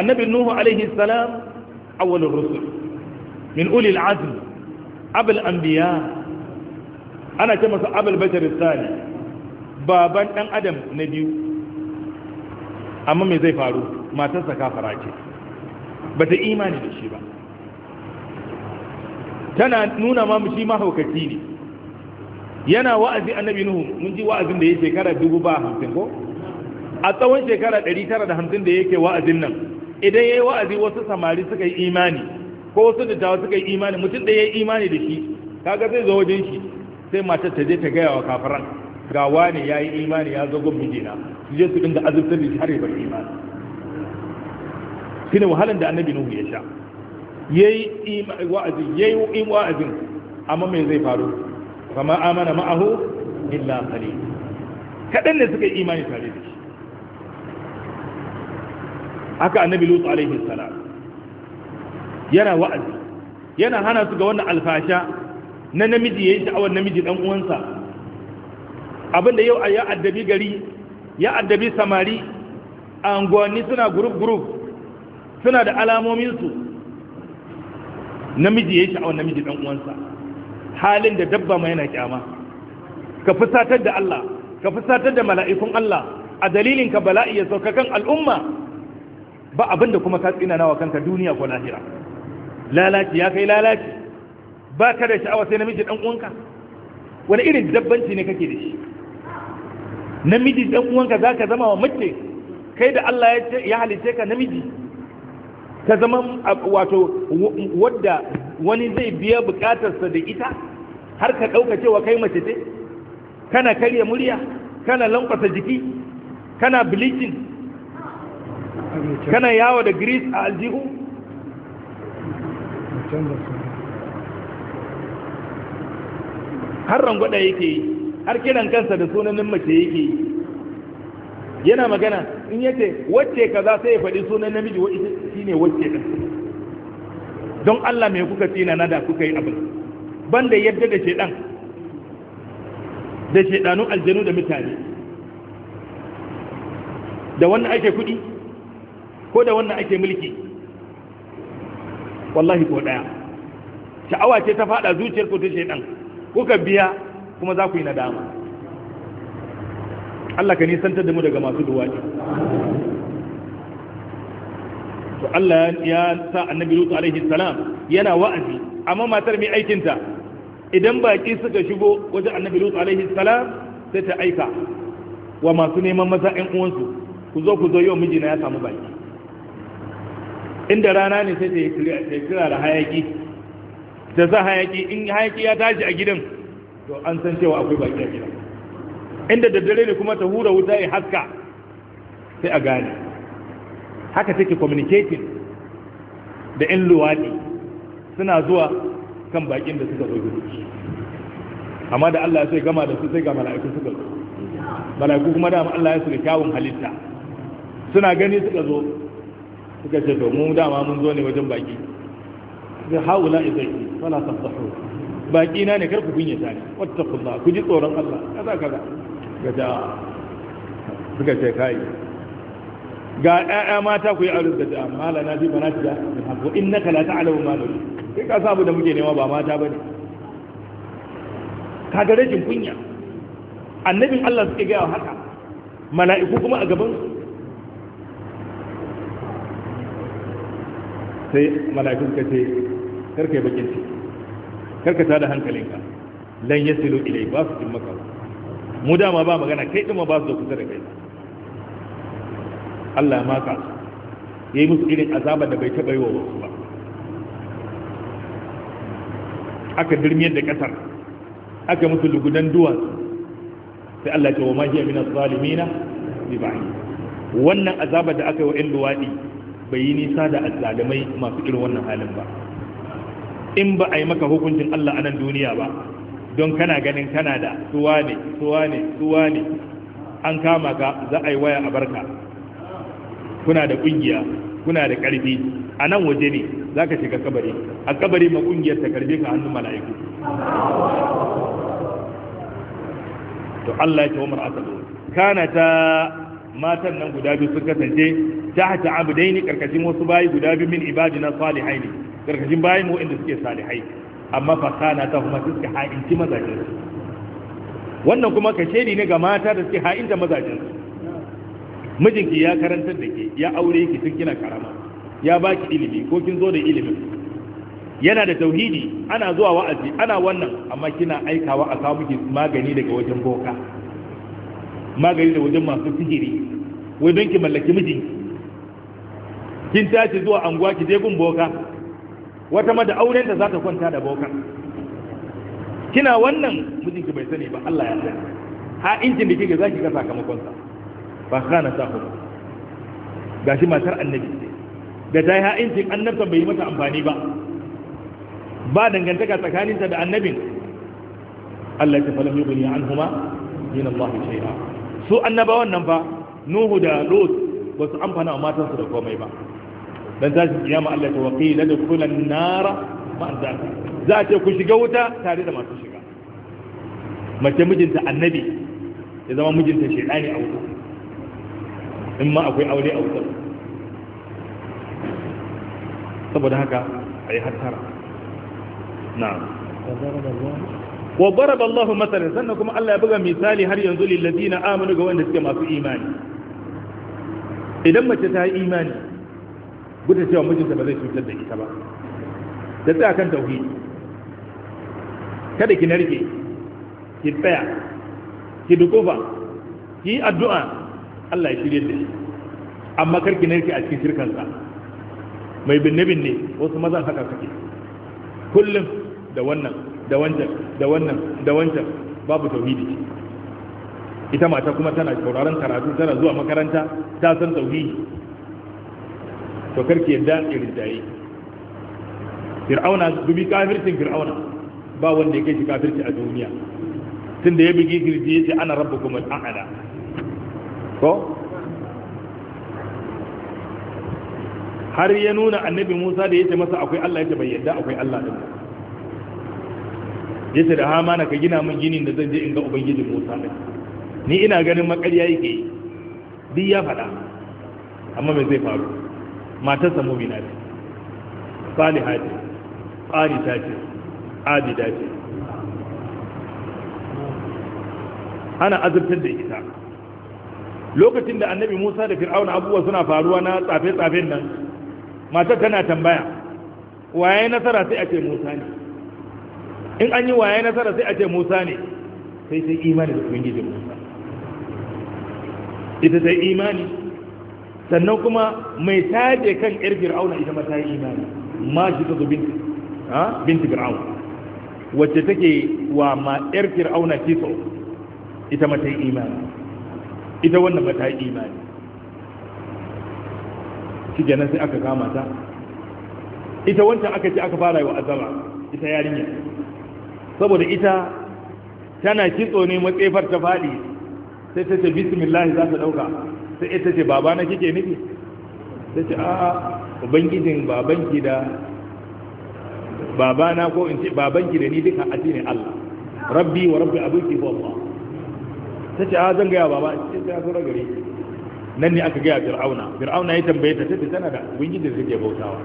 [SPEAKER 1] annabi nuhu alaihi salam awwalur rusul min ulil azm abul anbiya ana ce masa abul bashar sani baban dan adam na biyu amma me zai faru matarsa kafara ce ta imani da shi ba tana nuna ma shi mahaukaci ne yana wa'azi annabi nuhu mun ji wa'azin da ya shekara dubu ba hamsin ko a tsawon shekara ɗari tara da hamsin da yake wa'azin nan idan ya yi wa'azi wasu samari suka yi imani ko wasu dattawa suka yi imani mutum da yi imani da shi kaga zai zo wajen shi sai mata ta je ta gaya wa kafiran ga wani yi imani ya zo gobe mijina su je su dinga azubtar da shi har ya bar imani ne wahalan da annabi nuhu ya sha yi wa'azi yi wa'azin amma me zai faru kama amana ma'ahu illa qalil kadan ne suka yi imani tare da shi haka annabi lutu alaihi salam yana wa'azi yana hana su ga wannan alfasha na namiji yayin sha'awar namiji dan uwansa abinda yau ya addabi gari ya addabi samari a unguwanni suna group group suna da alamomin su namiji yayin sha'awar namiji dan uwansa halin da dabba ma yana kyama ka fusatar da Allah ka fusatar da mala'ikun Allah a dalilin ka bala'i ya sauka kan al'umma ba abinda kuma ka tsina nawa kanka duniya ko lahira lalaci ya kai lalaci ba ka da sha'awa sai namiji dan uwanka wani irin dabbanci ne kake da shi namiji dan uwanka zaka zama wa mace kai da Allah ya ce ya halice ka namiji ka zama wato wadda wani zai biya bukatarsa da ita har ka dauka cewa kai mace ce kana karya murya kana lankwasa jiki kana bleaching kana yawo da greece a aljihu har rangwada yake yi har kiran kansa da sunanin mace yake yi yana magana in yace wacce kaza sai ya faɗi sunan namiji shine wacce ɗin don Allah mai kuka tina na da kuka yi abin banda yadda da shedan da shedanun aljanu da mutane da wannan ake kuɗi ko da wannan ake mulki wallahi ko daya sha'awa ce ta fada zuciyar ku ta shaidan kuka biya kuma za ku yi nadama Allah ka nisantar da mu daga masu duwaci to Allah ya sa annabi Lutu alaihi salam yana wa'azi amma matar mai aikinta idan baki suka shigo wajen annabi Lutu alaihi salam sai ta aika wa masu neman maza ƴan uwansu ku zo ku zo yau mijina ya samu baki inda rana ne sai ta kira da hayaki da za hayaki in hayaki ya tashi a gidan to an san cewa akwai baki a gidan inda daddare ne kuma ta hura wuta ya haska sai a gane haka take communicating da 'yan luwaɗi suna zuwa kan bakin da suka zo gudu amma da Allah sai gama da su sai ga mala'iku suka zo mala'iku kuma da Allah ya su da kyawun halitta suna gani suka zo suka ce to mu dama mun zo ne wajen baki da haula izaki wala tafdahu baki na ne karku kunya ta ne wattaqullah ku ji tsoron Allah kaza kaza gaja suka ce kai ga ƴaƴa mata ku yi aure da ta mala na ji bana ta ko innaka la ta'lamu ma nuri kai ka sabu da muke nema ba mata bane ga rajin kunya annabin Allah suke ga haka mala'iku kuma a gaban su sai malakin ka ce karka yi bakin ciki karka tada hankalinka lan silo ilai ba su jin kawo mu dama ba magana kai ɗin ma ba su da kusa da kai Allah ya maka ya yi musu irin azabar da bai taɓa yi wa wasu ba aka dirmiyar da ƙasar, aka musu lugudan duwatsu sai Allah ya ce wa ma minas min az-zalimina bi ba'id wannan azabar da aka yi wa 'yan bai yi nisa da azzalimai masu irin wannan halin ba in ba a yi maka hukuncin Allah a nan duniya ba don kana ganin kana da suwa ne suwa ne suwa ne an kama ka za a yi waya a barka kuna da kungiya kuna da karfi a nan waje ne za ka shiga kabari a kabari ma kungiyar ta karfe ka hannun mala'iku to Allah ya ce wa mar'ata kana ta matan nan guda biyu sun kasance ta hata abdaini karkashin wasu bayi guda biyu min ibadina salihaini karkashin bayi mu inda suke salihai amma fa kana ta kuma suka ha'inci mazajin wannan kuma kashedi ne ga mata da suke ha'inta mazajin mijinki ya karantar da ke ya aure ki tun kina karama ya baki ilimi ko kin zo da ilimin yana da tauhidi ana zuwa wa'azi ana wannan amma kina aikawa a samu magani daga wajen boka magani da wajen masu sihiri wai don ki mallaki mijinki kin tashi zuwa anguwa ki je gun boka wata ma da auren ta za ta kwanta da boka kina wannan mijinki bai sani ba Allah ya sani ha injin da kike zaki ga sakamakon sa fa kana ta ga gashi matar annabi da ta yi ha injin annabta bai yi mata amfani ba ba dangantaka tsakaninta da annabin Allah ya tafi lam yughni huma, min Allah shay'a su annabawan nan fa nuhu da lot ba su amfana a matansu da komai ba dan tashi kiyama Allah ta waqila da kulan nara ma an za a ce ku shiga wuta tare da masu shiga mace mijinta annabi ya zama mijinta shedani a wuta in ma akwai aure a wuta saboda haka ayi hattara na'am wa baraba Allah masalan sannan kuma Allah ya buga misali har yanzu lil na amanu ga wanda suke masu imani idan mace ta yi imani gudu cewa mijinta ba zai cutar da ita ba da tsaya kan kada ki narke ki tsaya ki dukufa ki addu'a Allah ya shirye da shi amma kar ki narke a cikin shirkansa mai binne binne wasu mazan haka suke kullum da wannan da wancan da wannan da wancan babu tauhidi ita mata kuma tana sauraron karatu tana zuwa makaranta ta san tauhidi to karki yadda irjaye fir'auna dubi kafircin fir'auna ba wanda ya kai shi kafirci a duniya tun da ya bugi girji ya ce ana rabu kuma a'ala ko har ya nuna annabi musa da ya ce masa akwai allah ya ce bai yadda akwai allah din ya da da hamana ka gina min ginin da zan je in ga ubangiji musa ne ni ina ganin makarya yake yi duk ya faɗa amma me zai faru matarsa mumina ce saliha ce qanita ce abida ce ana azurtar da ita lokacin da annabi musa da fir'auna abubuwa suna faruwa na tsafe-tsafen nan matar tana tambaya waye nasara sai a ce musa ne in an yi waye nasara sai a ce musa ne sai sai imani da ubangijin musa ita ta imani sannan kuma mai taje kan yar fir'auna ita ma ta yi imani ma shi ta zubin ha binti fir'auna wacce take wa ma yar fir'auna kitso ita ma ta yi imani ita wannan ma ta yi imani shi kenan sai aka kama ta ita wancan aka ce aka fara yi wa azaba ita yarinya saboda ita tana kitso ne matsefar ta faɗi sai ta ce bismillah za ta ɗauka sai ita ce baba na kike nufi ta ce a ubangijin babanki da babana ko in ce babanki da ni duka a ne Allah rabbi wa rabbi abinki ko Allah ta ce a zan gaya baba ce ta so gare nan ne aka gaya fir'auna fir'auna ya tambaye ta tafi tana da ubangijin da take bautawa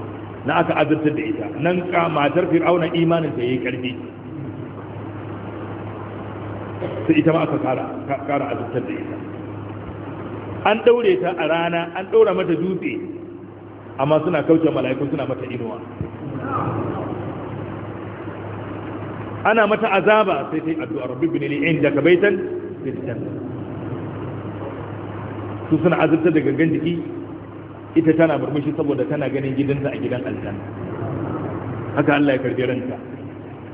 [SPEAKER 1] na aka azurtar da ita nan ka matar fir'auna imanin ta yayi karfi sai ita ma aka kara azabtar da ita an daure ta a rana an daura mata dutse amma suna kauce mala'ikun suna mata inuwa ana mata azaba sai ta yi addu'a rabbi bin da ka baitan sai ta su suna azabtar da gangan jiki ita tana murmushi saboda tana ganin gidanta a gidan aljanna haka Allah ya karbi ranta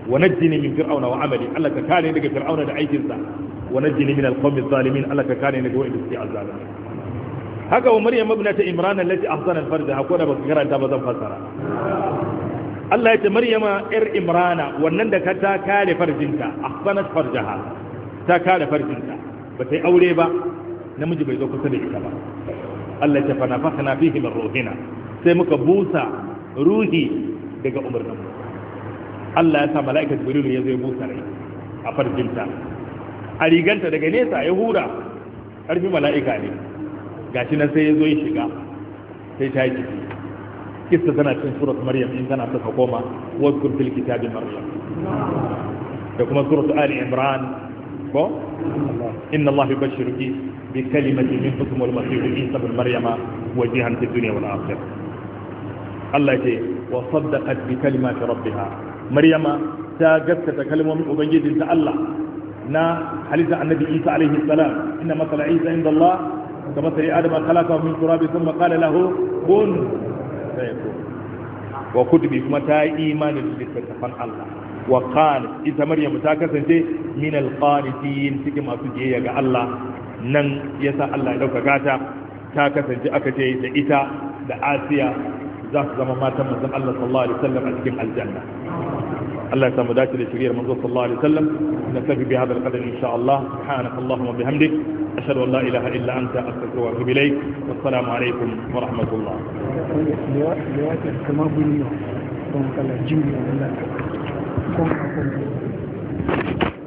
[SPEAKER 1] wa najjini min fir'auna wa amali Allah ka kare daga fir'auna da aikinsa wa najjini min alqawmi zalimin Allah ka kare daga wa'id suke azzalimi haka wa maryam ibnat imran allati ahsana alfarja hako da baka karanta ba zan fassara Allah ya imrana wannan da ka ta kare farjinta ahsanat farjaha ta kare farjinta ba ta yi aure ba namiji bai zo kusa da ita ba Allah ya ce fa fihi min ruhina sai muka busa ruhi daga umarnin mu Allah ya sa mala'ika jibrilu ya zai busa rai a farjinta a riganta daga nesa ya hura ƙarfi mala'ika ne gashi nan sai ya zo ya shiga sai ta yi kista tana cin surat maryam in tana saka koma wasu fil kitabi maryam da kuma surat ali imran ko inna allah yubashshiruki bi kalimatin min hukm al masih isa ibn maryama wajihan fid dunya wal akhirah allah ce wa saddaqat bi kalimati rabbiha maryama ta gaskata kalmomin ubangijin ta Allah na halitta annabi Isa alaihi salam inna masala Isa inda Allah ka masali Adam khalaqa min turab thumma qala lahu kun fayakun wa kutubi kuma ta yi imani da littattafan Allah wa qanat ita maryam ta kasance min alqanitin cikin masu jiyayya ga Allah nan yasa Allah ya dauka ta ta kasance aka ce da ita da Asiya za su zama matan manzon Allah sallallahu alaihi wasallam a cikin aljanna Allah ya samu dace da shiriyar manzo sallallahu alaihi wasallam na tafi bi hadal qadar insha Allah subhanaka allahumma bihamdik ashhadu an la ilaha illa anta astaghfiruka wa atubu ilaik wassalamu alaikum
[SPEAKER 3] wa kala kuma